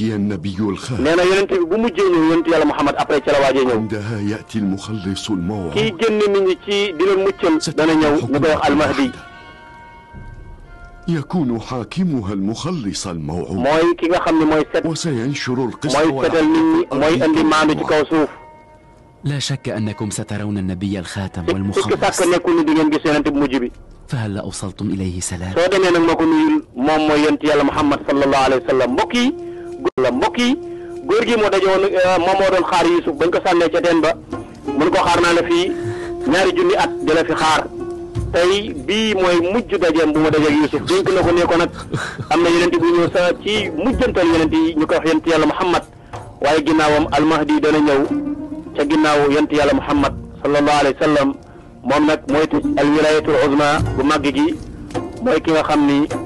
يأتي النبي الخالق نانا يونت بو مجي نيو yonent يالا محمد ابري ci la wajé عندها يأتي المخلص الموعود كي جن مني تي di len دا نيو نكاي ñu المهدي يكون حاكمها المخلص الموعود موي كيغا خامني موي سيت وسينشر القصه موي فدل نيت موي اندي مامي ci كوسوف لا شك أنكم سترون النبي الخاتم والمخلص فهل أوصلتم إليه سلام؟ محمد صلى الله عليه وسلم góor la mbokk yi góor gi moo dajoon euh, moom moo doon xaar Yuusuf bañ ko sànnee ca teen ba mun ko xaar naa la fii ñaari junni at dala fi xaar tey bii mooy mujj dajeem bu ma dajeeg Yuusuf dénk na ko nekkoon nag am na yeneen bu ñëw sa ci mujjantal yeneen yi ñu ko wax yent yàlla Muhammad waaye ginnaawam almahdi dana ñëw ca ginnaaw yent yàlla Muhammad sallallahu alayhi wa sallam moom nag mooy alwilayatul uzma gu màgg gi mooy ki nga xam ni